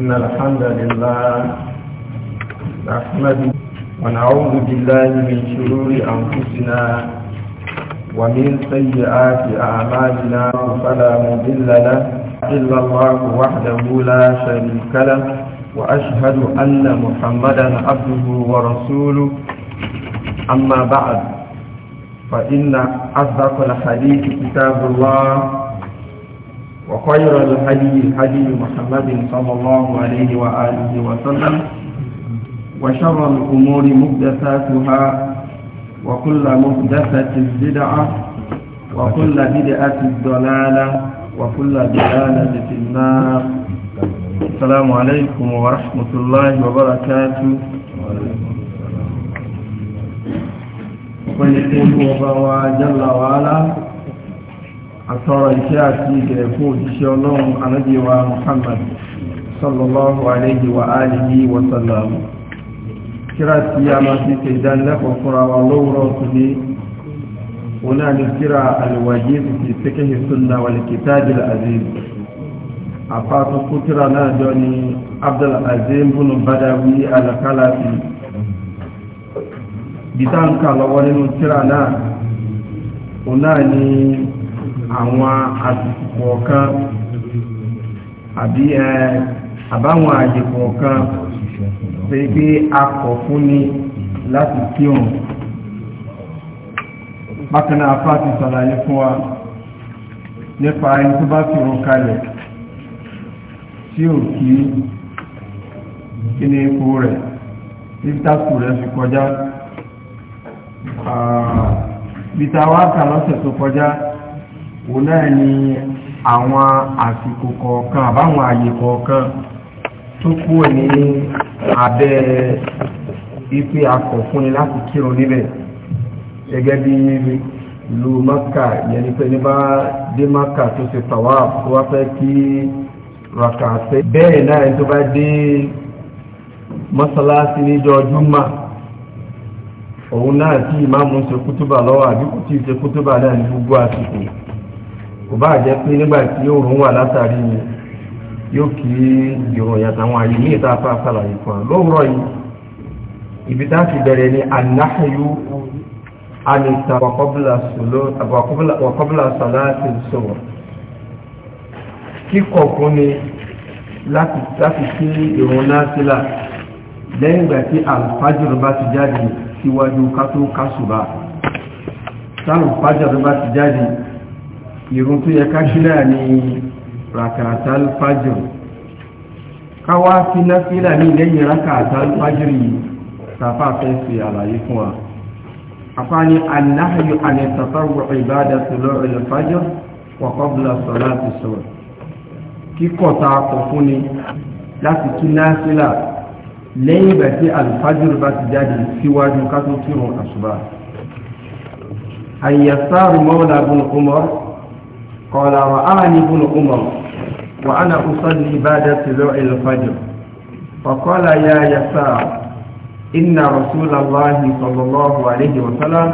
إن الحمد لله نحمده ونعوذ بالله من شرور أنفسنا ومن سيئات أعمالنا فلا مضل له إلا الله وحده لا شريك له وأشهد أن محمدا عبده ورسوله أما بعد فإن أصدق الحديث كتاب الله وخير الحديث هدي محمد صلى الله عليه وآله وسلم وشر الأمور محدثاتها وكل محدثة بدعة وكل بدعة ضلالة وكل ضلالة في النار السلام عليكم ورحمة الله وبركاته ويقول الله جل وعلا àtọ́rọ̀ iṣẹ́ àti ìbẹ̀rẹ̀ fún òjíṣẹ́ ọlọ́run anábíwa muhammad sallallahu alayhi wa alihi wa sallam kíra tí a máa ti ṣe ìdánilẹ́kọ̀ọ́ fúnra wa lówùrọ̀ tòní òun náà ni kíra àlùwàjì ti fẹ́kẹ́ sunna wal kitabil aziz àpáàtó kútíra náà jọ ni abdul aziz bunu badawi alakalafi bitanka lọ́wọ́ nínú kíra náà òun náà ni àwọn àsìkò ọ̀kan àbí àbáwọn àdìkò ọ̀kan pé pé akọ̀ fún ni láti kí òun bákaná afá ti sàlàyé fún wa nípa ẹni tó bá fi òun kalẹ̀ tí ò kí kí ní ipò rẹ̀ títàkù rẹ̀ fi kọjá bìtàwákà lọ́sẹ̀ tó kọjá òun náà ni àwọn àsìkò kọ̀ọ̀kan àbáwọn àyè kọ̀ọ̀kan tó kúrò ní abẹ́ ipe akọ̀ fúnni láti kírun níbẹ̀ gẹ́gẹ́ bí ìlú maka yẹn pé ní bá dé maka tó ṣe tàwa tó wá fẹ́ kí raka bẹ́ẹ̀ náà tó bá dé mọ́sálásí òun náà tí ìmáàmù ṣe ní gbogbo àsìkò kò bá jẹ́ pé nígbà tí yóò rún wà látàrí yóò kí ìròyìn àtàwọn àyè ní ìta fà sàlàyé fún wa lóòrọ̀ yìí ibi tá a ti bẹ̀rẹ̀ ní anáhàyú anìta wàkọ́bùlà sàláàtì sọ̀rọ̀ kíkọ̀ fún ni láti kí ìrun náà sílà lẹ́yìn ìgbà tí alfajir bá ti jáde síwájú kátó kásùbà táwọn alfajir bá ti jáde ìrun tó yẹ ká ṣí náà ní rakata alfajr káwá sí náfílà ní lẹ́yìn rakata alfajr yìí tàfà fẹ́ sí àlàyé fún wa afá ní anáhàyò ànẹ́tàtàwò ìbádà tòlọ́ alfajr wa qabla salati subh kíkọ̀ ta kọ̀ fún ni láti kí náfílà lẹ́yìn ìgbà tí alfajr bá ti jáde síwájú ká tó kírun àṣùbà àyẹ̀sáàrù mọ́wọ́lá bùn Umar قال رآني ابن عمر وأنا أصلي بعد طلوع الفجر فقال يا يسار إن رسول الله صلى الله عليه وسلم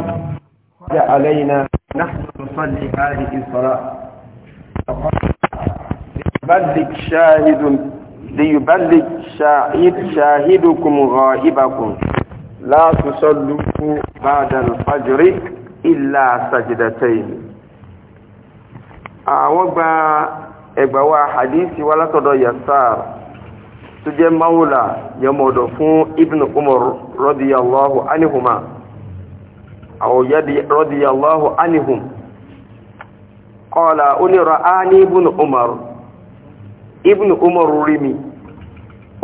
قال علينا نحن نصلي هذه الصلاة فقال ليبلغ شاهد ليبلغ شاهد شاهدكم غائبكم لا تصلوا بعد الفجر إلا سجدتين àwọn gba ẹgbà wa hadisi wa látọ̀dọ̀ yasar tó jẹ́ mawula yẹmọ̀dọ̀ fún ibn umar rọ́díyàlláhu anihuma àwọn yadi rọ́díyàlláhu anihum qala ó ní ra'ani ibn umar ibn umar rí mi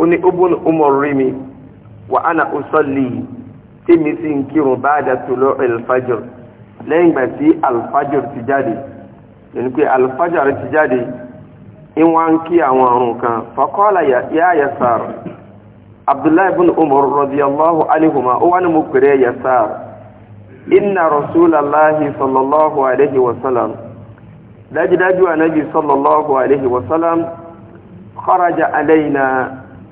ó ní ibn umar rí mi wa ana usalli tí mi sì ń kírun ba'da tulu al lẹ́yìn gbà tí al ti jáde yẹn pé alifájàre ti jáde ìwọ̀n ń kí àwọn àrùn kan fakọ́lá yá yasar abdullahi bin umar radiyallahu anihuma ó wá ní mo pèrè yasar inna rasulallahi sallallahu alayhi wa sallam dájúdájú anabi sallallahu alayhi wa sallam kharaja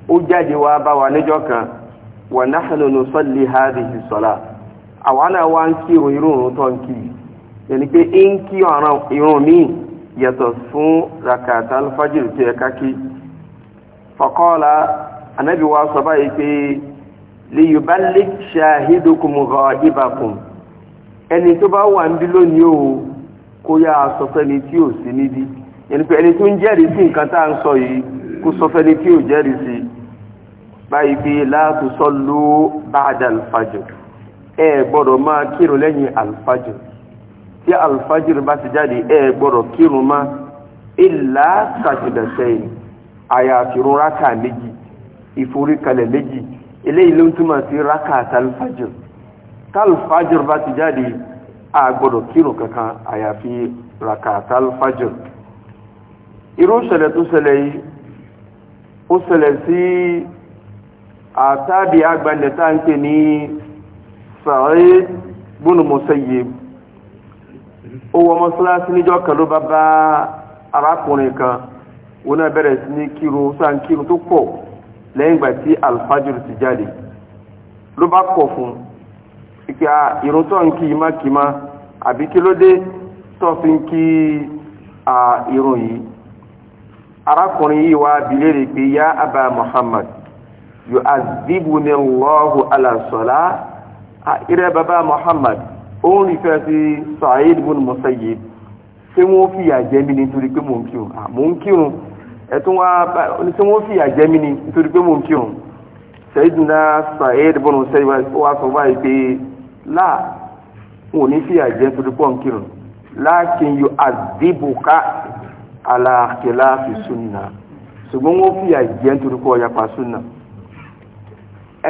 ó jáde wá bá wa níjọ́ kan wa nahnu nusalli hadhihi salat àwọn náà wá ń tó ń kírun yẹni pé ń kí irun míì yàtọ̀ fún rakata alfajiri tí ẹ kákí faqala anábì wa sọ báyìí pé li yuballigh shahidukum ghaibakum ẹni tó bá wà ń bí lónìí o kó yá a sọ fẹ́ni tí ò sí níbi yẹni pé ẹni tó ń jẹ́rìí sí nǹkan tá à ń sọ yìí kó sọ tí ò jẹ́rìí sí báyìí pé la tusallu ba'da alfajiri ẹ gbọ́dọ̀ máa kírun lẹ́yìn alfajiri tí alfajir bá ti jáde ẹ gbọ́dọ̀ kírun má ìlà sàjìdà sẹ́yìn àyàfi rún rákà méjì ìforíkalẹ̀ méjì eléyìí ló ń sí rákà tàlfajir tàlfajir bá ti jáde a gbọ́dọ̀ kírun kankan àyàfi rákà tàlfajir irú ṣẹlẹ̀ tó ṣẹlẹ̀ yìí ó ṣẹlẹ̀ sí àtàbí agbanẹ̀ta ń pè ní Sa'id bùnú Musayyib o wọ mọ́sálásí níjọ́ kan ló bá bá arákùnrin kan wọn náà bẹ̀rẹ̀ sí ní kíru sáà ń kíru tó pọ̀ lẹ́yìn ìgbà tí alfajir ti jáde ló bá kọ̀ fún ìpè à irun tó ń kí i má kì í má àbí kí ló dé tó fi ń kí irun yìí arákùnrin yìí wá abilé pé yá abba muhammad yu'adhibuni Allahu ala ìrẹ́ bàbá muhammad òun rí fẹ́ sí Sa'id ibn Musayyib ṣé wọ́n fìyà jẹ́ mi nítorí pé mò ń kírun mò ń kírun ẹ̀tún wá ṣé wọ́n fìyà jẹ́ mi nítorí pé mò ń kírun Sayyidina Sa'id ibn Musayyib wá sọ báyìí pé láà wọn ò ní fìyà jẹ́ nítorí pé mò ń kírun láàkín yóò àdìbòká aláàkẹ́lá fi súnà ṣùgbọ́n wọ́n fìyà jẹ́ nítorí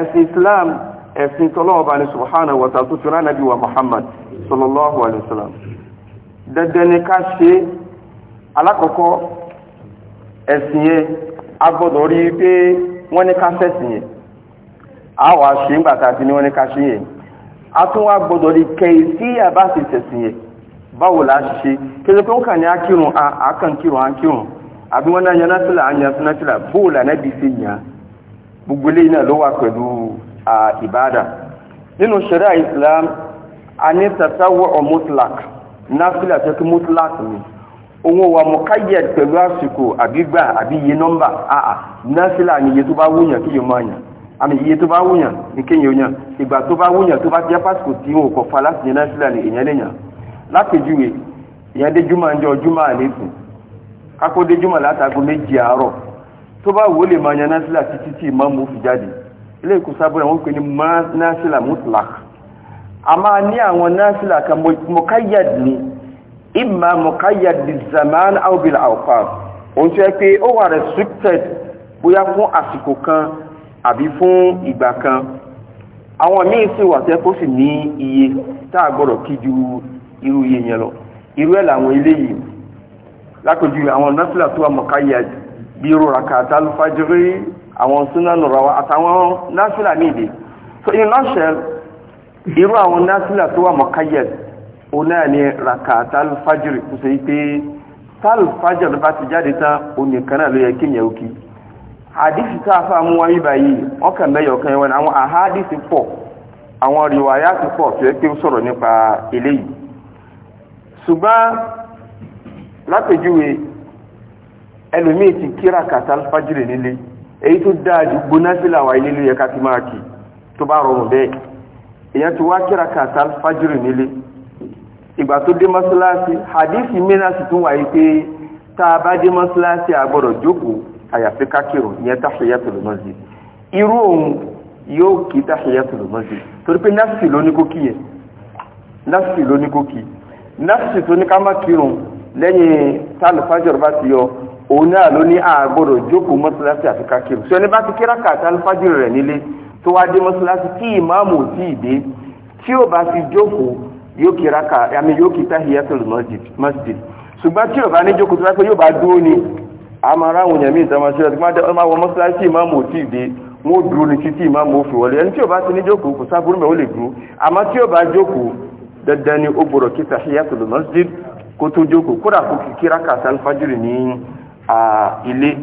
ẹ̀sìn Islam ẹ̀sìn tọ́lọ́ọ̀bá ni subhanahu wa tó rán muhammad sallallahu alayhi salam sallam ni ká ṣe alákọ̀ọ́kọ́ ẹ̀sìn yẹn a gbọ́dọ̀ rí pé wọ́n ní ká ṣẹ̀sìn yẹn a wà ṣe ńgbà a ti ní wọ́n ní ká ṣe yẹn a tún wá gbọ́dọ̀ rí kẹ́yì sí àbá sì a na gbogbo ló wà ìbádà nínú sharia islam a ní tatawwu mutlak náfílà tó kí mutlak ni owó wa muqayyad pẹ̀lú àsìkò àbígbà àbí iye nọ́mbà àà náfílà ni iye tó bá wúyàn kí yóò máa yàn àmì iye tó bá wúyàn ní kéyàn yàn ìgbà tó bá wúyàn tó bá jẹ́ pásìkò tí wọn kọ̀ fa láti yẹn náfílà ni èèyàn lè yàn lápèjúwe ìyẹn dé júmọ̀ ń jọ júmọ̀ àlẹ́sìn kákó dé júmọ̀ látago méjì àárọ̀ tó bá wò lè máa yan náfílà títí tí ìmáàmù fi jáde ilé ìkùsá bọ́ra wọ́n pè ní násílà mutlak a máa ní àwọn násílà kan mọ̀káyàd ní ìmá mọ̀káyàd bí zaman aubil alfar o n ṣe pé ó wà restricted bóyá fún àsìkò kan àbí fún ìgbà kan àwọn míì sì wà tẹ́ kó sì ní iye tá a gbọ́dọ̀ kí ju irú iye yẹn lọ irú ẹ̀ làwọn ilé yìí lápèjú àwọn násílà tó wà mọ̀káyàd bí rọràkà tálúfájọ́rí àwọn súnánù rọwà àtàwọn násílà níbi so in nutshell irú àwọn násílà tó wà mọ̀káyẹ̀ o náà ni raka talfajiri kú sí pé talfajiri bá ti jáde tán o nìkan náà ló yẹ kí yẹn òkì àdísì tá a mú wọn ọkàn mẹ́yọ̀ kan wọn àwọn àhádìsì pọ̀ àwọn rìwáyà ti pọ̀ tó yẹ pé ó sọ̀rọ̀ nípa eléyìí ṣùgbọ́n lápèjúwe ẹlòmíì ti èyí tó dáa jù gbónáfílà wà ilé ló yẹ ká ti máa kì tó bá rọrùn bẹ́ẹ̀ èyàn ti wá kíra kàtà fájìrì nílé ìgbà tó dé mọ́sálásí hadithi mìíràn sì tún wáyé pé tá a bá dé mọ́sálásí àgbọ̀dọ̀ jókòó àyàfi kákìrò ìyẹn tahiyatul masjid irú òun yóò kí tahiyatul masjid torí pé nafsi ló ní kó kí yẹn nafsi ló ní kó tó ní ká má kírun lẹ́yìn tálùfájọ́rọ̀ bá ti yọ òun náà ló ní àgbọ̀dọ̀ jókòó mọ́sálásí àti kákìrù sọ ẹni bá ti kíra kàtà alifájìrì rẹ̀ nílé tó wá dé mọ́sálásí tí ìmáàmù ò tí ì dé tí ò bá ti jókòó yóò kíra kà àmì yóò kí tahiyatul masjid ṣùgbọ́n tí ò bá ní jókòó tó wá pé yóò bá dúró ni àmọ́ aráwọ̀ yẹn mi ìta máa ṣe ọdún máa wọ mọ́sálásí ìmáàmù ò tí ì dé wọn ò dúró ní títí ìmáàmù ò fi wọlé ẹni tí ò bá ti ní jókòó ni ilé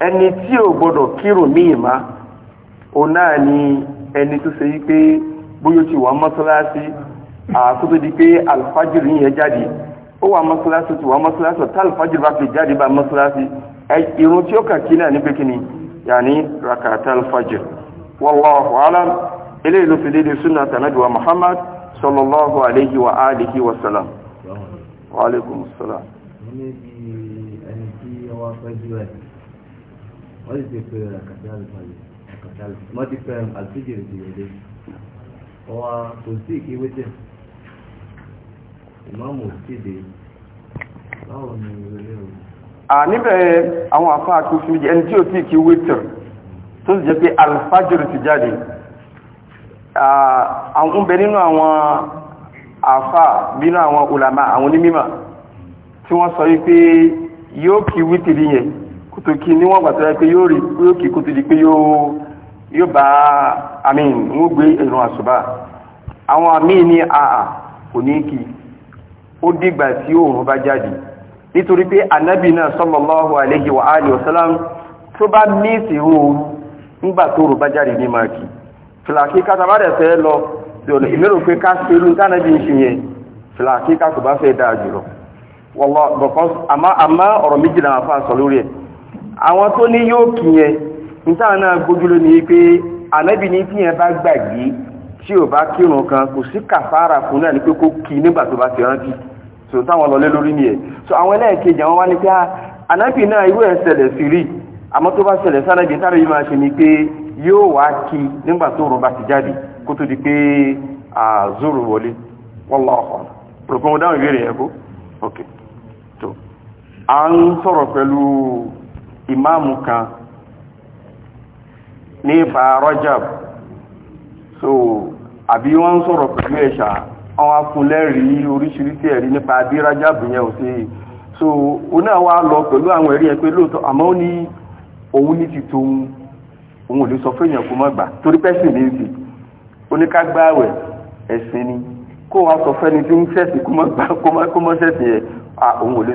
ẹni tí ò gbọdọ̀ kírun ní ìmá o náà ni ẹni tó ṣe wípé bóyó ti wà mọ́sálásí àkó tó di pé alfajiri yẹn jáde ó wà mọ́sálásí ti wà mọ́sálásí ọ̀tá alfajiri bá fi jáde bá mọ́sálásí irun tí ó kà kí náà ní pé kíni yàní rakata alfajiri wallahu alam eléyìí fi dédé súnà tànàdùwà muhammad sallallahu alayhi wa alihi wa salam wa alaikum salam wá tọ́jú ẹ̀ wọ́n sì ti pe àkàtà àlùfàlẹ̀ àkàtà àlùfàlẹ̀ wọ́n ti pe àlùfíjì rẹ̀ tìrẹ̀lẹ̀ ọwọ́ kò sí ìkéwé tẹ̀ ìmáàmù kéde báwo ni ìrẹ̀lẹ̀ o. níbẹ̀ àwọn àfa àtúnṣe méjì ẹni tí o tí kí wétìr tó sì jẹ́ pé àlùfájìrì ti jáde àwọn ń bẹ nínú àwọn àfa nínú àwọn ulama àwọn onímímà tí wọ́n sọ wípé yóò kí wítìrì yẹn kótó kí ẹ pé yóò rí yóò kí kutu di pé yóò yóò bá àmì ń gbé àṣùbà àwọn àmì ní àà kò ní kí ó dìgbà tí òòrùn bá jáde nítorí pé anabi náà sallallahu alayhi wa alihi wa tó bá míìsì òòrùn tó bá lọ pé ká tánàbí wọ́lọ́ bọ̀kan àmá ọ̀rọ̀ méjìlá àfáà sọ lórí ẹ̀ àwọn tó ní yóò kì yẹn níta náà gbójúlé ní pé ànábì ní tí yẹn bá gbàgbé tí ò bá kírun kan kò sí kàfàrà fún náà ní pé kó kí nígbà tó bá ti rántí so táwọn lọlé lórí ni ẹ̀ so àwọn ẹlẹ́ẹ̀kejì àwọn wá ní pé ah, ànábì náà irú ẹ̀ ṣẹlẹ̀ sí rí àmọ́ tó bá ṣẹlẹ̀ sánàbì tára yìí máa ṣe ni pé yóò ah, okay. a ń sọ̀rọ̀ pẹ̀lú ìmáàmù kan ní ipa so àbí wọ́n ń sọ̀rọ̀ pẹ̀lú ẹ̀ṣà àwọn afúnlẹ́rí oríṣiríṣi ẹ̀rí nípa bí rajab yẹn ò sí so ó náà wá lọ pẹ̀lú àwọn ẹ̀rí ẹ̀ pé lóòótọ́ àmọ́ ó ní òun ní ti tóun òun ò lè torí ní ẹ̀sìn ni kó wá sọ fẹ́ni tí ń sẹ̀sìn kó má sẹ̀sìn òun ò lè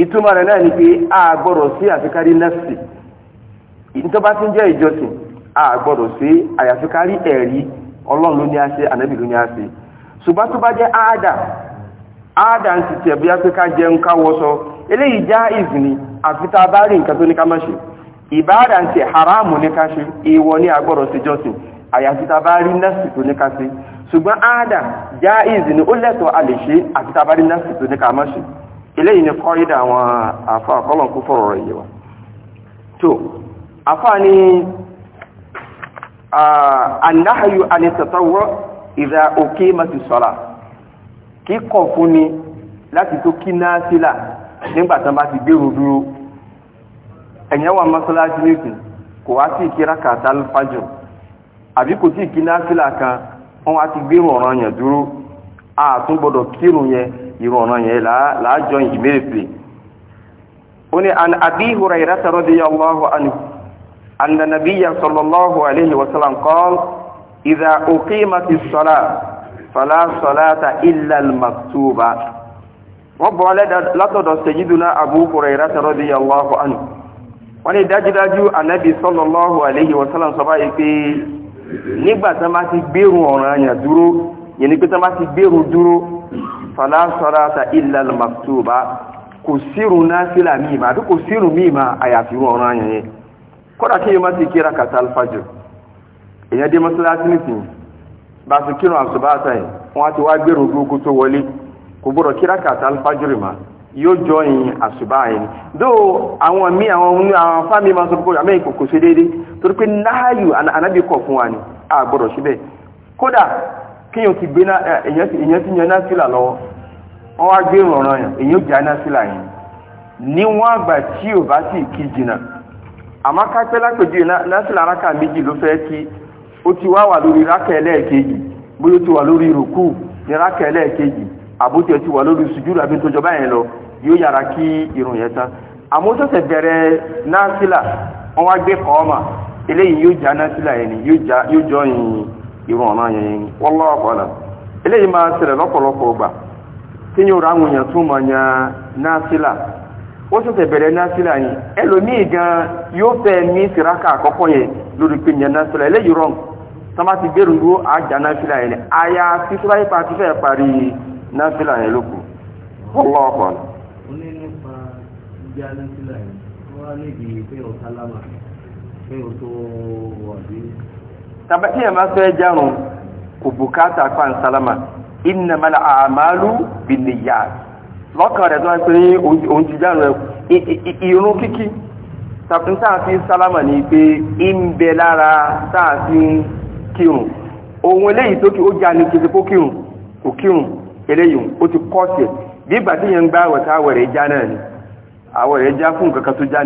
ìtumọ̀ rẹ̀ náà ni pé a sí àfikárí nẹ́fsì tó bá ti ń jẹ́ ìjọsìn a sí àyàfikárí ẹ̀rí ọlọ́run ní a ṣe ló ní a ṣùgbọ́n tó bá jẹ́ áádà áádà ń ti tẹ̀ a pé ká jẹun eléyìí já ìzìní àfi tá bá rí nǹkan tó ní ká má ìbáàdà ń ti haramu a sí jọsìn bá rí tó ní ká ṣe ṣùgbọ́n a ṣe bá rí eléyìí ni kọ́ídà àwọn àfà kọ́lọ̀kú fọ̀rọ̀ rẹ̀ yíwa tó àfà ni àndáhàyù ànìtàtàwọ́ ìdá òkè mati sọ́lá kí kọ̀ fún ni láti tó kí náà sílà nígbàtán bá ti gbèrò dúró ẹ̀yẹ́wà mọ́sálásí nìkùn kò wá sí ìkíra kàtà alfajọ àbí kò sí ìkí náà sílà kan wọ́n wá ti gbèrò ọ̀ranyàn dúró a tún gbọdọ̀ kírun yẹn irun ọ̀nà yẹn làájọ yìí mérèpè. ó ní an abi hurairata radiyallahu anhu anna nabiyya sallallahu alayhi wa sallam qala idha uqimati s-salat fala salata illa al-maktuba. wọ́n bọ̀ látọ̀dọ̀ sayyiduna abu hurairata radiyallahu anhu. wọ́n ní dájúdájú anabi sallallahu alayhi wa sọ yẹn ni pé tí wọ́n bá ti gbèrú dúró fàlà sọ́láta illa al-maktuba kò sírun náfìlà míì mà àbí kò sírun míì mà àyàfi irun ọ̀ràn yẹn yẹn kódà kí yẹn má ti kíra kàtà alifájò èyàn dé mọ́sálásí nìsín bá ti kírun àsùbáàtà yìí wọ́n ti wá gbèrú dúró tó wọlé kò gbọ́dọ̀ kíra kàtà alifájò rè yóò jọ yin àsùbá yẹn dó àwọn míì àwọn àwọn fámìlì máa sọ pé àmì kò kò sí déédéé torí pé náhàyù anábìkọ̀ fún wa ni àgbọ̀dọ̀ síbẹ̀ kódà kéèyàn ti gbé èèyàn ti yan násìlà lọ́wọ́ wọ́n wá gbé ìrọ̀ràn yàn èèyàn já násìlà yẹn níwọ̀n àgbà tí ò bá sì kí jìnnà àmọ́ kápẹ́ lápèjì násìlà méjì ló fẹ́ kí ó ti wá wà lórí rákà ẹlẹ́ẹ̀kejì bóyá ó ti wà lórí rùkú ní rákà ẹlẹ́ẹ̀kejì ti wà lórí àbí tó jọba yẹn lọ yóò yára kí irun yẹn tán àmọ́ ó bẹ̀rẹ̀ wọ́n wá gbé eléyìí yóò já yẹn ni yóò irun ọ̀nà yẹn yẹn wọ́lọ́ ọ̀pọ̀lọ̀ eléyìí máa ṣẹlẹ̀ lọ́pọ̀lọpọ̀ ọgbà tí yóò ráwọn èèyàn tún mọ̀ yan násílà ó sì tẹ̀ bẹ̀rẹ̀ násílà yẹn ẹlòmíì gan yóò fẹ́ ní sìrákà àkọ́kọ́ yẹn lórí pé yẹn násílà eléyìí rọ̀ ti gbèrú dúró àjà násílà yẹn àyà sísúra yípa ti fẹ́ parí násílà yẹn lóko wọ́lọ́ ọ̀pọ̀lọ̀. ó ní nípa tàbátí ẹ̀ máa fẹ́ járun kò bùkátà pa ń sálámà innamal a'malu binniyat lọ́kàn rẹ̀ tó wá pé òun ti járun ìrun kíkí tàbí sáàfin sálámà ní pé ń bẹ lára sáàfin kírun òun eléyìí tó kí ó já ní kìsìkó kírun kò kírun eléyìí ó ti kọ́ọ̀sì bí ìgbà tí yẹn ń gbá àwẹ̀ tá àwẹ̀ rẹ̀ já náà ni àwẹ̀ rẹ̀ já fún nǹkan kan tó já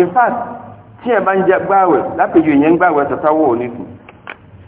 in fact tí ẹ̀ bá ń gbá àwẹ̀ lápèjì yẹn ń gbá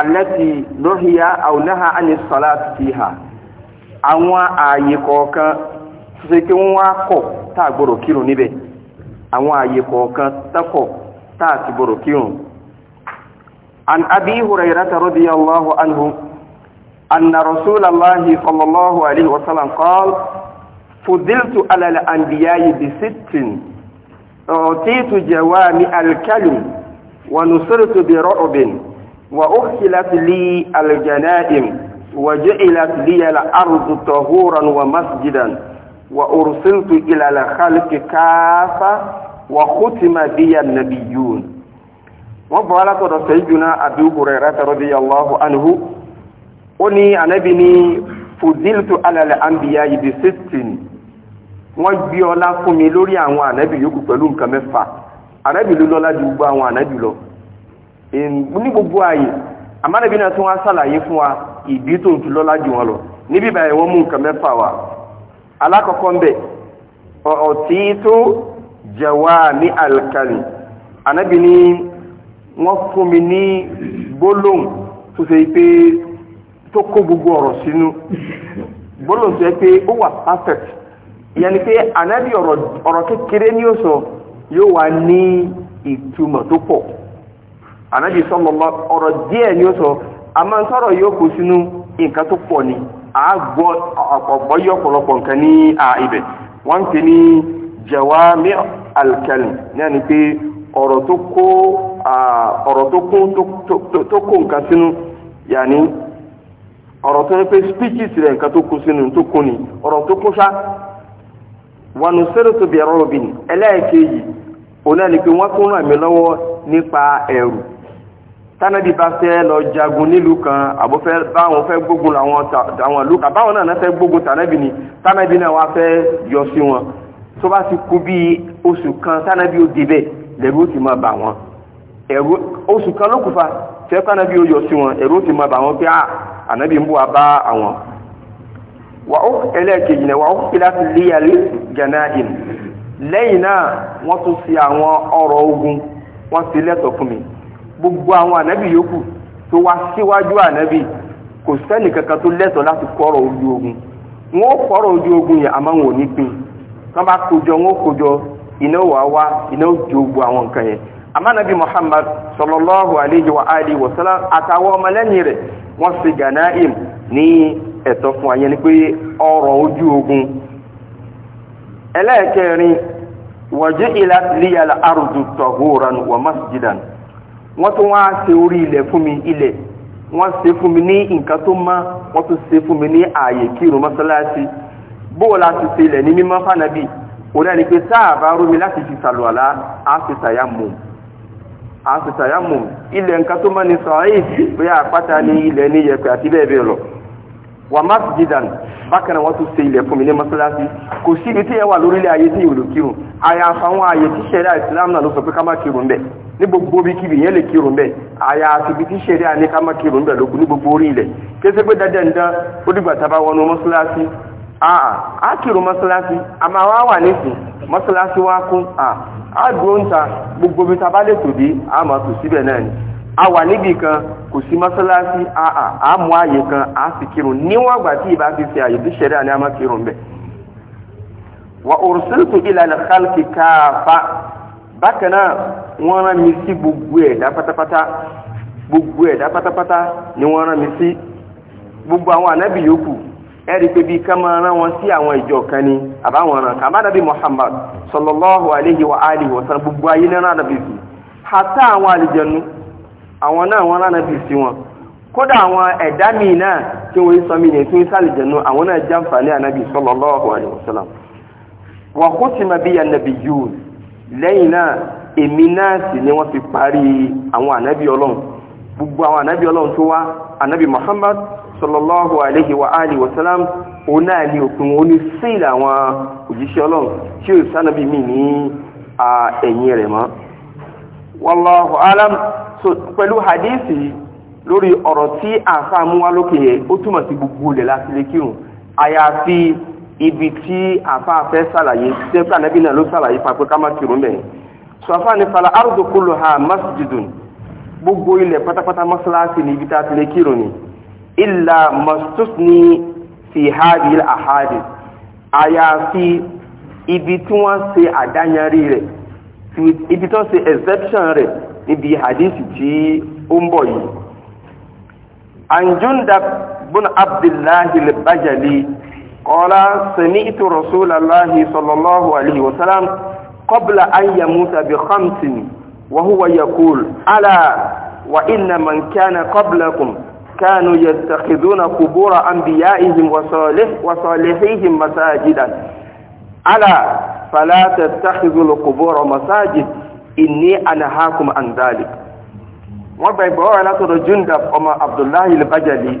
alẹ́tì lóhìá àwòláhà àní sọ́lá ti hà àwọn ààyè kọ̀ọ̀kan tó ṣe kí wọ́n wá kọ̀ táà gbọ́dọ̀ kírun níbẹ̀ àwọn ààyè kọ̀ọ̀kan tẹ́kọ̀ táà ti gbọ́dọ̀ kírun عن أبي هريرة رضي الله عنه أن رسول الله صلى الله عليه وسلم قال فضلت على الأنبياء بست أعطيت جوامع الكلم ونصرت برعب وأخلت لي الجنائم وجعلت لي الأرض طهورا ومسجدا وأرسلت إلى الخلق كافة وختم بي النبيون وبعلت سيدنا أبي هريرة رضي الله عنه أني أنا بني فضلت على الأنبياء بست wọ́n gbé ọlá fún mi lórí àwọn ànábì yòókù pẹ̀lú nǹkan mẹ́fà ànábì ló lọ́lá ju gbogbo àwọn ànábì lọ ní gbogbo ààyè amánàbí náà tí wọ́n sàlàyé fún wa ìdí tó ń lọ́lá jù wọn lọ níbi báyìí wọ́n mú nǹkan mẹ́fà alákọ̀ọ́kọ́ ń bẹ̀ ọ̀tí tó alkali anábì wọ́n fún mi ní tó ṣe pé tó kó gbogbo ọ̀rọ̀ sínú tó ṣe pé ó wà perfect pé anábì ọ̀rọ̀ kékeré ó sọ yóò wá ní ìtumọ̀ ànábì sọ́lọ́lọ́ ọ̀rọ̀ díẹ̀ ni ó sọ a máa ń sọ̀rọ̀ yóò kó sínú nǹkan tó ni a gbọ́ ọ̀pọ̀ yí ọ̀pọ̀lọpọ̀ nǹkan ní ibẹ̀ wọ́n ń pè ní ni pé ọ̀rọ̀ tó kó ọ̀rọ̀ tó kó tó kó nǹkan sínú yàní tó ní pé speeches nǹkan tó kó sínú tó kó ni ọ̀rọ̀ tó kó sá wọn ò tó bẹ̀rẹ̀ ọ̀rọ̀ bì ní ẹlẹ́ẹ̀kejì òun náà ni pé wọ́n tún ràn mí lọ́wọ́ nípa ẹ̀rù tánàbí bá fẹ́ lọ jagun nílùú kan àbó fẹ́ báwọn fẹ́ gbógun àwọn ìlú kan báwọn náà fẹ́ gbógun tánàbí ni tánàbí náà wá fẹ́ yọ sí wọn tó bá ti kú bí oṣù kan tánàbí ó débẹ̀ lẹ́rú ó ti máa bà wọ́n ẹ̀rú oṣù kan ló kùfà fẹ́ tánàbí ó yọ sí wọn ẹ̀rú ó ti máa bà wọ́n pé ànábì ń bọ̀ wá bá àwọn. wà ó ẹlẹ́ẹ̀kejì náà wà ó fi láti lé yàrá gánà ìn lẹ́yìn náà wọ́n tún fi àwọn ọ̀rọ̀ ogun wọ́n ti lẹ́tọ̀ fún mi gbogbo àwọn ànábì yòókù tó wá síwájú ànábì kò sẹ́nì kankan tó lẹ́tọ̀ọ́ láti kọ́rọ̀ ojú ogun wọn ó kọ́rọ̀ ojú ogun yẹn àmọ́ wọn ò ní pin wọn bá kójọ wọn ó kójọ iná wà wá iná ó jó gbogbo àwọn nǹkan yẹn àmọ́ ànábì Muhammad sallallahu alayhi wa alihi wa sallam àtàwọn ọmọlẹ́yìn rẹ̀ wọ́n fi ganaim ní ẹ̀tọ́ fún wa yẹn ni pé ọrọ̀ ojú ogun ẹlẹ́ẹ̀kẹrin wàjú ìlà líyàlá arùdù tọ̀húran wà masjidan wọ́n tún wá se orí ilẹ̀ fún mi ilẹ̀ wọ́n se fún mi ní nǹkan tó mọ́ wọ́n tún se fún mi ní ààyè kírun mọ́sálásí bóò la ti ṣe ilẹ̀ ní mímọ́ fànàbí òun náà pé a bá láti fi sàlùwàlá á fi á fi ilẹ̀ nǹkan tó mọ́ ni pé àpáta ní ilẹ̀ ní àti bẹ́ẹ̀ bẹ́ẹ̀ lọ wà bákan náà wọ́n tún ilẹ̀ fún mi ní mọ́sálásí kò sí ibi tí ẹ wà ní gbogbo bí kíbi yẹn lè kírun bẹ́ẹ̀ àyà àtibí ṣeré àní ká má kírun bẹ́ẹ̀ lókun ní gbogbo orí ilẹ̀ kése pé dandandan ó dìgbà tábà wọnú mọ́ṣáláṣí àà á kírun mọ́ṣáláṣí àmà wá wà nísìn mọ́ṣáláṣí wá kún à á dúró ń ta gbogbo bí tábà lè tòdí á máa tò síbẹ̀ náà ni a wà níbì kan kò sí mọ́ṣáláṣí àà á mú àyè kan á sì kírun níwọ̀n àgbà tí ì fi ṣe àyè tí ṣeré àní á má kírun bẹ́ẹ̀ wa ursiltu ila al-khalqi kafa bákan náà wọ́n rán mi sí gbogbo ẹ̀dá pátápátá gbogbo ẹ̀dá pátápátá ni wọ́n rán mi sí gbogbo àwọn ànábì yòókù ẹ̀rí pé bí ká máa rán wọn sí àwọn ìjọ kan ni àbáwọn ràn kàmá nàbí Muhammad sallallahu alayhi wa alihi wa sallam gbogbo ayé náà rán nàbí sí hàtà àwọn àlìjẹnu àwọn náà wọ́n rán nàbí sí wọn kódà àwọn ẹ̀dá míì náà tí wọ́n sọ mí ní tí wọ́n sàlìjẹnu àwọn náà jàǹfààní ànábì sallallahu alayhi wa sallam wa khutima biya nabiyyun lẹ́yìn náà èmi náà sì ni wọ́n fi parí àwọn ànábì ọlọ́run gbogbo àwọn ànábì ọlọ́run tó wá ànábì muhammad sallallahu alayhi wa alihi wa salam òun náà ni òpin òun ní sílẹ̀ àwọn òjíṣẹ́ ọlọ́run tí ó sànàbí mi ní ẹ̀yìn rẹ̀ mọ́ wallahu alam so pẹ̀lú hadithi lórí ọ̀rọ̀ tí àfáà mú wá lókè yẹ ó túmọ̀ sí gbogbo ilẹ̀ láti lè kírun àyàfi ibi tí àfa fẹ́ sàlàyé sẹ́fà nàbí náà ló sàlàyé pàpẹ́ ká má kírun bẹ́ẹ̀ sọfà ní fala ardu kulluha masjidun gbogbo ilẹ̀ pátápátá mọ́sálásí ní ibi tá a ti lè kírun ni illa mastusni fi hadhihi al-ahadith àyàfi ibi tí wọ́n ṣe àdáyanrí rẹ̀ ibi tó ṣe exception rẹ̀ níbi hadith tí ó ń bọ̀ yìí. an Jundab Abdullahi bajali قال سمعت رسول الله صلى الله عليه وسلم قبل أن يموت بخمس وهو يقول ألا وإن من كان قبلكم كانوا يتخذون قبور أنبيائهم وصالح وصالحيهم مساجدا ألا فلا تتخذوا القبور مساجد إني أنهاكم عن ذلك وبيبوا على جندب أما عبد الله البجلي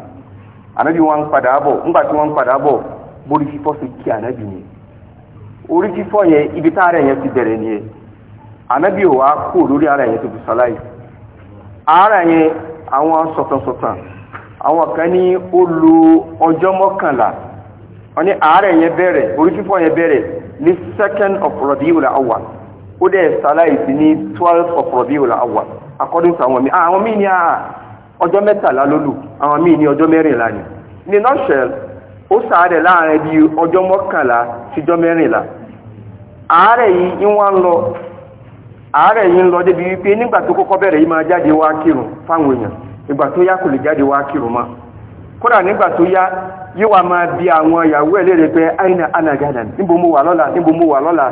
anabi wọn padà bọ̀ ńgbà tí wọ́n padà bọ̀ borí fífọ́ sí kí yẹn orí ibi tá ara yẹn ti bẹ̀rẹ̀ nìyẹn ànábì ò wá kó lórí ara yẹn tó fi sáláì ara yẹn àwọn sọ̀tànsọ̀tàn àwọn kan ní ó lo ọjọ́ mọ́kànlá ní àárẹ̀ yẹn bẹ̀rẹ̀ orí fífọ́ yẹn ní second of Rabiul awa ó dẹ̀ sáláì sí ní twelve of Rabiul awa according to àwọn mi ah, àwọn mi ah, ọjọ́ mẹ́tàlá lólù àwọn míì ní ọjọ́ mẹ́rìnlá ni ní nọ́ṣẹ̀l ó ṣàárẹ̀ láàrin bí ọjọ́ mọ́kànlá síjọ́ mẹ́rìnlá àárẹ̀ yìí wá ń lọ àárẹ̀ yìí ń lọ débi wípé nígbà tó kọ́kọ́ bẹ̀rẹ̀ yìí máa jáde wá kírun fáwọn èèyàn ìgbà tó yá kò lè jáde wá kírun mọ́ kódà nígbà tó yá máa àwọn ìyàwó ẹ̀ léèrè pé aina anagadan níbo mo wà lọ́la níbo mo wà lọ́la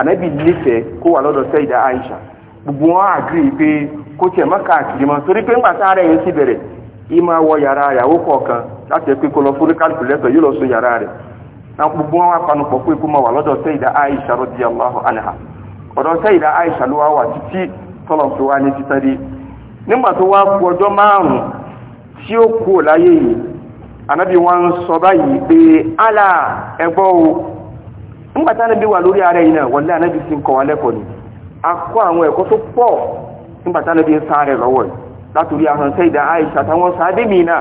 ànábì nífẹ̀ẹ́ kó wà lọ́dọ̀ sẹ́yìdá Aisha gbogbo wọn àgírí pé kó tiẹ̀ má káàkiri mọ́ torí pé ńgbà sáà rẹ̀ yẹn sì bẹ̀rẹ̀ ìmọ̀ wọ yàrá ìyàwó kọ̀ọ̀kan láti ẹ̀pẹ́ lọ fún kálukú lẹ́tọ̀ lọ yàrá rẹ̀ gbogbo wọn wá pé kó máa wà lọ́dọ̀ Aisha radiyallahu anha ọ̀dọ̀ ló wá wà títí tọ́lọ̀ Allah ńgbàtà níbi wà lórí ara yìí náà wọlé anábi ti ń kọ̀ wá lẹ́kọ̀ọ́ ni a kọ́ àwọn ẹ̀kọ́ tó pọ̀ ńgbàtà níbi ń sáré lọ́wọ́ látòrí ahọ́n ìdá Aisha táwọn sáadé mi náà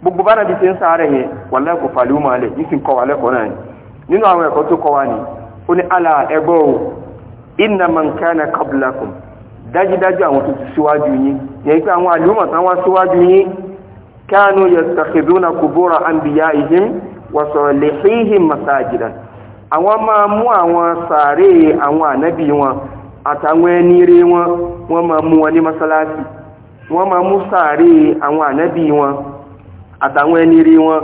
gbogbo bá nàbí ti ń sáré yẹn wọlé ẹ̀kọ́ fàlíwù máa lẹ̀ yìí ti ń kọ̀ wá lẹ́kọ̀ọ́ náà nínú àwọn ẹ̀kọ́ tó kọ́ wá ni ó ní ala ẹgbọ́ o inna man kana dájúdájú àwọn tó ti síwájú yín yẹn pé àwọn àlùmọ̀ táwọn síwájú yín kánú yastakhiduna qubura anbiyaihim wa salihihim masajidan àwọn máa mú àwọn sàárè àwọn ànábì wọn àtàwọn ẹni rí wọn wọ́n máa mú wọn ní masalasi wọ́n máa mú sàárè àwọn wọn àtàwọn ẹni rí wọn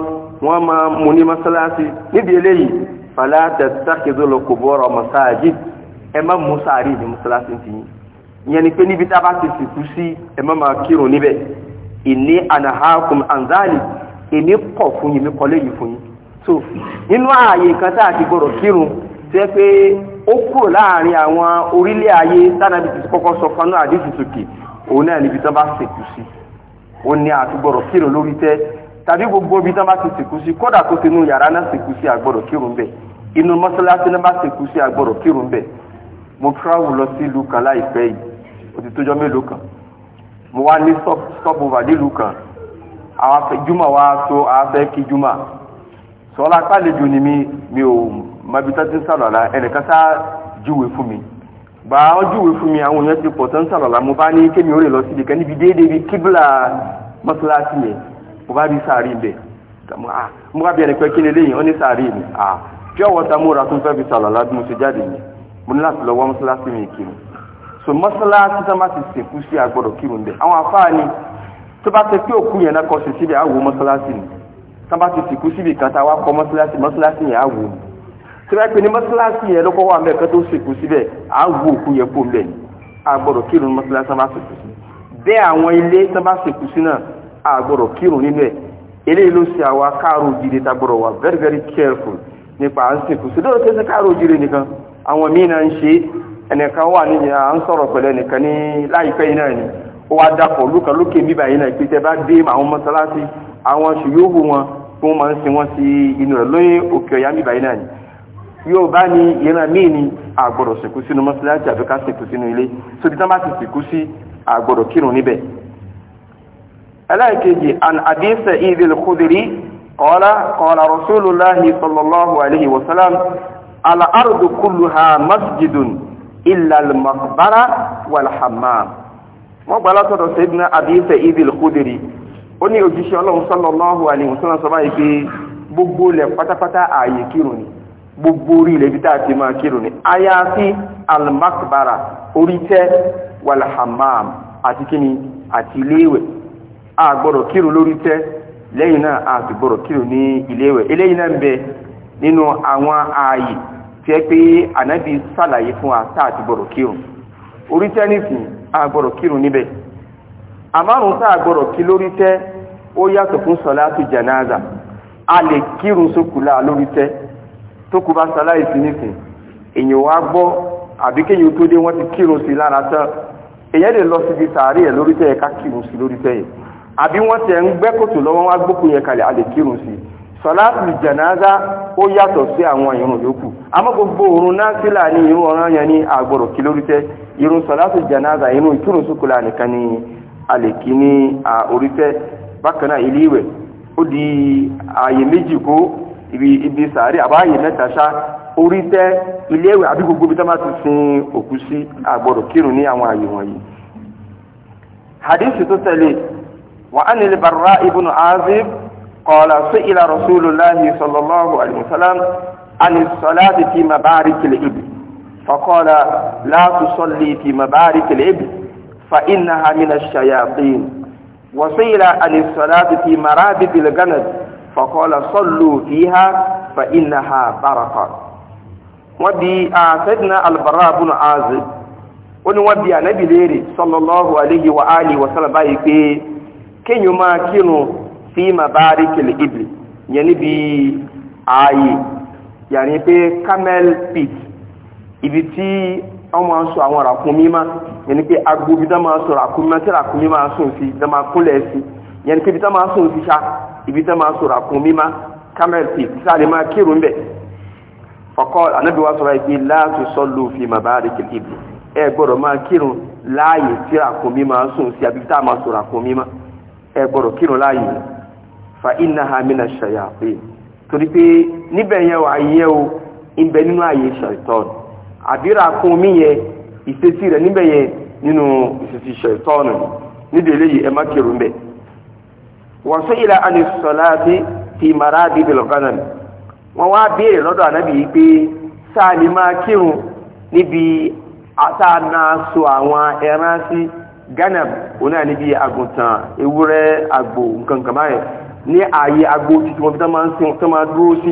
wọ́n máa mú ní masalasi níbi eléyìí fàlá tẹ̀síkàkìzọ́lọ̀ ẹ má mú sàárè ní masalasi ti yín ìyẹn ni pé níbi tábà ti sìnkú sí ẹ má máa kírun níbẹ̀ ìní ànàhàkùn àǹzáàlì ìní kọ̀ fún fún so nínú ààyè kan tá a ti gbọdọ̀ kírun tó yẹ pé ó kúrò láàrin àwọn orílẹ̀ ayé tánàbí ti kọ́kọ́ sọ kan náà àdéhùn sókè òun náà níbi tán bá sèkú sí ó ní àtúgbọ̀rọ̀ kírun lórí tẹ́ tàbí gbogbo ibi tán bá ti sèkú sí kódà kó tinú yàrá náà sèkú sí àgbọ̀rọ̀ kírun bẹ́ẹ̀ inú mọ́sálásí náà bá sèkú sí àgbọ̀rọ̀ kírun bẹ́ẹ̀ mo travel lọ sí ìlú kan láìpẹ́ yìí ó ti tójọ́ mélòó kan mo wá ní stop over nílùú kan àwọn afẹ́júmọ̀ wa tó sọlá pàlejò ni mi mi ò mọbi tó ti ń sàlọ̀lá ẹnìkan sá júwe fún mi gbà á júwe fún mi àwọn èèyàn ti pọ̀ tó ń sàlọ̀lá mo bá ní kémi ó lè lọ síbi kan níbi déédéé bí kíbla mọ́sálásí mi mo bá rí sàárì ń bẹ̀ ah, mo bá bí ẹni pé kí ni léyìn ó ní sàárì mi ah, pure mo ra tó ń fẹ́ fi sàlọ̀lá bí mi mo ní láti lọ wá mọ́sálásí mi kiri so mọ́sálásí tó ti sìnkú sí agbọ́dọ̀ kírun bẹ̀ àwọn afáàní tó bá ti pé òkú yẹn náà kọ́ sí síbi àwọn mọ́sálásí tán bá ti sìnkú síbi kan tá a wá kọ́ mọ́sálásí mọ́sálásí yẹn á wò ó tí wọ́n pe ní mọ́sálásí yẹn lọ́kọ́ wà mẹ́ẹ̀kan tó sìnkú síbẹ̀ á wò òkú yẹn kó mbẹ̀ ni a gbọ́dọ̀ kírun mọ́sálásí tán bá sí bẹ́ẹ̀ àwọn ilé tán bá sí náà a gbọ́dọ̀ kírun nínú ẹ̀ eléyìí ló ṣe àwa káàró òjìrè tá a gbọ́dọ̀ wà very very careful nípa à ń sìnkú sí lóòótọ́ sí káàró òjìrè nìkan àwọn míì náà ń ṣe ẹnìkan wà ní à ń sọ̀rọ̀ pẹ̀lú ẹnìkan ní láìpẹ́ yìí náà ni ó wá dapọ̀ lókè bíbá yìí náà ìpèsè bá dé àwọn mọ́sálásí àwọn ṣùyóhù wọn tí wọ́n máa ń sin wọ́n sí inú rẹ̀ lóyún òkè ọ̀yá mìbà iná ni yóò bá ní ìran míì ni àgbọ̀dọ̀ sìnkú sínú mọ́sálásí àbí sìnkú sínú ilé so bí tán ti sìnkú sí àgbọ̀dọ̀ kírun níbẹ̀. ẹlẹ́ẹ̀kejì an Abi Sa'id al-Khudri qala qala rasulullahi sallallahu alayhi wa sallam al-ardu kulluha masjidun illa al-maqbara wal-hammam. wọ́n gbà látọ̀dọ̀ Sayyidina Abi Sa'id ó ní òjíṣẹ́ ọlọ́run sallallahu alaihi wasallam sọ báyìí pé gbogbo ilẹ̀ pátápátá ààyè kírun ni gbogbo orí ilẹ̀ ibi tá a ti máa kírun ni àyàfi almakbara orí tẹ́ walhamam àti kíni àti iléèwẹ̀ a gbọ́dọ̀ kírun lórí tẹ́ lẹ́yìn náà a ti gbọ́dọ̀ kírun ní iléèwẹ̀ eléyìí náà ń bẹ nínú àwọn ààyè tí ẹ pé ànábì sàlàyé fún wa tá a ti gbọ́dọ̀ kírun orí tẹ́ nìsín a gbọ́dọ̀ níbẹ̀ àmárùn tá a kí lórí tẹ́ ó yàtọ̀ fún sọ̀látù jẹ̀náza a lè kírun sókùlà lórí tẹ́ tó kú bá sàláìsí nìkan èyàn wá gbọ́ àbí kéyìn tó dé wọ́n ti kírun sí lára tán èyàn lè lọ síbi sàárè ẹ̀ lórí tẹ́ ká kírun sí lórí tẹ́ àbí wọ́n tẹ̀ ń gbẹ́ lọ́wọ́ wá gbókùn yẹn kalẹ̀ a lè kírun sí sọ̀látù jẹ̀náza ó yàtọ̀ sí àwọn ìrun yòókù àmọ́ gbogbo òrun náà sílà ní ìrun ọ̀ràn yẹn ní àgbọ̀rọ̀ kí lórí tẹ́ ìrun sọ̀látù jẹ̀náza ìrun ìtúrùsùkùlà nìkan ni a lè kí ní orí tẹ́ bákan náà ilé ìwẹ̀ ó di ààyè méjì kó ibi ibi sàárè àbáyè mẹ́ta ṣá orí tẹ́ ilé ìwẹ̀ àbí gbogbo ibi tó bá ti sin òkú sí àgbọ̀dọ̀ kírun ní àwọn ààyè wọ̀nyí. hadith tó tẹ̀lé wa فقال لا تصلي في مبارك الإبل فإنها من الشياطين وسئل عن الصلاة في مرابط الجند فقال صلوا فيها فإنها طرقة وبي سيدنا البراء بن عازب wọn wọn bi anabi léèrè sallallahu alayhi wa alihi wa sallam báyìí pé kéèyàn máa kírun sí mabari kele ibli yẹn níbi ààyè yàrá pé camel pit ibi tí wọn máa ń sọ àwọn yẹn ni pé agbo bi dá máa sọ ràkúnmí náà tí ràkúnmí máa sùn sí dá máa kúnlẹ̀ sí yẹn ni pé ibi dá máa sùn sí sa ibi dá máa sọ ràkúnmí má kámẹ́rì pè tí sáà lè máa kírun bẹ̀. ọkọ anabi wa sọ̀rọ̀ yìí láàtú sọ́lù fi mà bá rẹ̀ kìlì ibù ẹ gbọ́dọ̀ máa kírun láàyè tí ràkúnmí máa sùn sí àbí dá máa sọ ràkúnmí má ẹ gbọ́dọ̀ kírun láàyè fa iná ha mi na ṣàyà pé torí pé níbẹ̀ yẹn wà á yẹ o ìbẹ̀ nínú àyè ṣàìtọ́n àbí ràkúnmí yẹn ìṣesí rẹ̀ níbẹ̀ yẹn nínú ìṣesí ṣẹ̀tọ́ọ̀nù níbi eléyìí ẹ má kẹrù ń bẹ̀. wọ́n sọ ìlà àni sọ̀láàtì ti mara bíbí lọ́gánà mi wọ́n wá béèrè lọ́dọ̀ ànábì yìí pé sáà ni máa kírun níbi àtàna so àwọn ẹran sí ghana òun náà níbi àgùntàn ewúrẹ́ àgbò nǹkan kan báyẹn ní ààyè agbo títí wọn bí tán máa dúró sí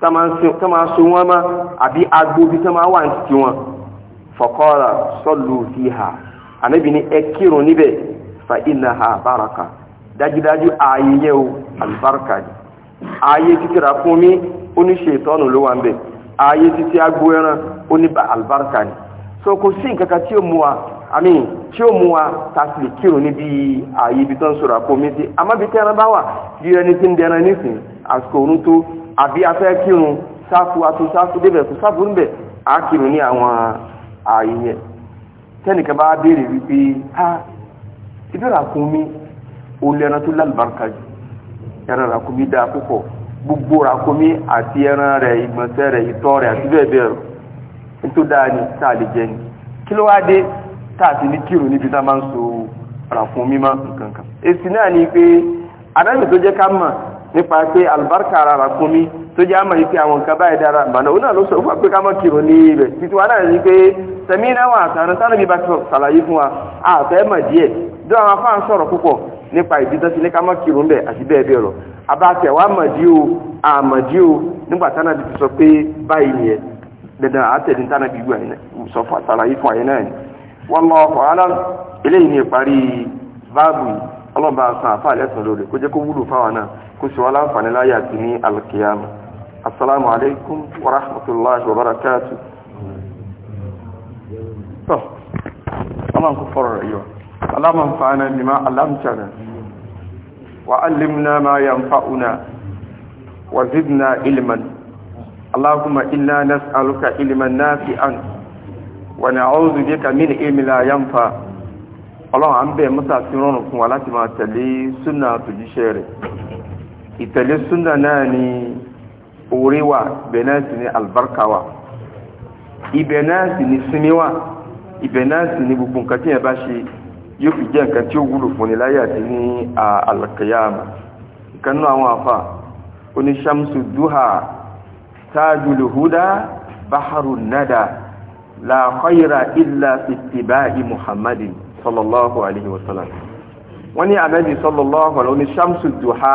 tán máa so wọn mọ́ àbí agbo bí tán máa wà ní títí wọn fọkọ́ra sọ́lù fiha ànábì ní ẹ níbẹ̀ fa iná ha baraka dájúdájú ààyè yẹ o àlùbáríkà ni ààyè títí ra fún mi ó ní ṣe ìtọ́nù ló wà ń bẹ̀ ààyè títí agbó ẹran ó ní àlùbáríkà ni so kò sí nǹkan kan tí ó mú wa àmì tí ó mú wa tàbí kírun níbi ààyè ibi tó ń sọ̀rọ̀ àkómi sí amábi tí ẹran bá wà bí ẹni tí ń dẹran nísìn àsìkò òun tó àbí afẹ́ kírun sáfù àtúnsáfù débẹ̀ kò sáfù níbẹ̀ á kírun ní àwọn ààyè yẹn tẹ́nìkan bá béèrè wípé ha ibi ràkúnmí ó lẹ́ran tó lálùbáríkà jù ẹran ràkúnmí dáa púpọ̀ gbogbo ràkúnmí àti ẹran rẹ̀ ìgbọ̀nsẹ̀ rẹ̀ ìtọ̀ rẹ̀ àti bẹ́ẹ̀ bẹ́ẹ̀ rẹ̀ tó dáa ni táà lè jẹ ni kí ló wá dé táà sì ní kírun níbi tá a máa ń so ràkúnmí má nǹkan kan èsì náà ni pé adájọ́ tó jẹ́ ká mọ̀ nípa pé àlùbáríkà ara ràkúnmí tó jẹ́ àmà ìpé àwọn nǹkan báyìí dára ìbànà òun náà ló sọ fún àpé ká mọ́ ní ibẹ̀ wa náà ní pé tẹ̀mí náà wà àtàrà bí bá ti ṣàlàyé fún wa àfẹ́ mọ̀ díẹ̀ dó àwọn afáàn sọ̀rọ̀ púpọ̀ nípa ìdíjọ́ sí ní ká mọ́ àti bẹ́ẹ̀ bẹ́ẹ̀ lọ wa o àmọ̀ o nígbà ti sọ pé báyìí ọlọ́ba san àfáà lórí kó jẹ́ kó wúlò fáwọn náà kó sì láǹfààní láyé àti ní assalamu alaikum wa rahmatullahi wa barakatuh to aman ku fara rayuwa alama fa'ana bima alamtana wa allimna ma yanfa'una wa zidna ilman اللهم إنا نسألك علما نافعا ونعوذ بك من علم لا ينفع ọlọ́run à ń bẹ̀ mọ́sà sí rọrùn fún wa láti máa tẹ̀lé súnà àtòjíṣẹ́ rẹ̀ ìtẹ̀lé súnà náà ni orí wà ibẹ̀ náà sì ni albarka wà ibẹ̀ náà sì ni sinmi wà ibẹ̀ náà sì ni gbogbo nǹkan tí yẹn bá ṣe yóò fi jẹ́ nǹkan tí ó wúlò fún ni láyé àti ní alkiyama nǹkan náà àwọn afa oníṣàmùsù duha tajul huda baharu nada la khayra illa ittiba'i muhammadin sallallahu alaihi wasallam wọ́n ní ànábì sallallahu alaihi wasallam oníṣàmùsù duha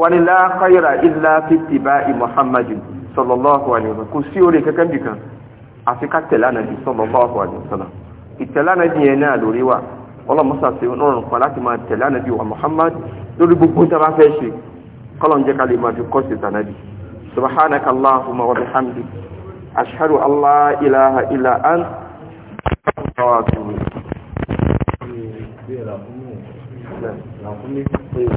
wọ́n ní la khayra illa fi ittiba'i muhammadin sallallahu alayhi wa sallam kò sí orí kankan bìkan àfi ká tẹ̀lé ànàbì sallallahu alayhi wa sallam ìtẹ̀lé ànàbì yẹn náà lórí wa ọlọ́mọ́sà sí ọ̀rùn kan láti máa tẹ̀lé ànàbì wa muhammad lórí gbogbo tá a bá fẹ́ ṣe kọ́lọ̀ ń jẹ́ ká lè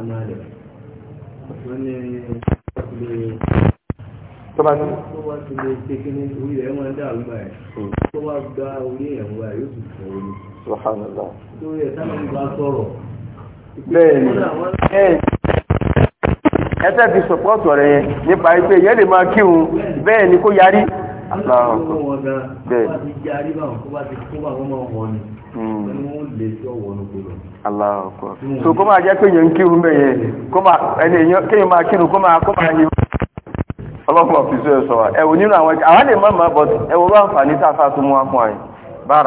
àmàlẹ̀ wọ́n ní ọ̀pọ̀lẹ̀ ní tó ti lè ṣe kí ní orí rẹ̀ wọ́n dá báyìí hmm. tó wá gba orí ẹ̀wọ̀n báyìí yóò fẹ́ orí sáwọn ìgbà sọ̀rọ̀ aláwọ̀ kò bẹ́ẹ̀ hmm. aláwọ̀ kò so kó máa jẹ́ kéèyàn ń kírun bẹ́ẹ̀ yẹn kó máa ẹni èèyàn kéèyàn máa kírun kó máa kó máa yẹ ọlọ́pàá ọ̀fíìsì ẹ̀ sọ̀rọ̀ ẹ̀wò nínú àwọn àwọn lè má má bọ̀ ẹ̀wò bá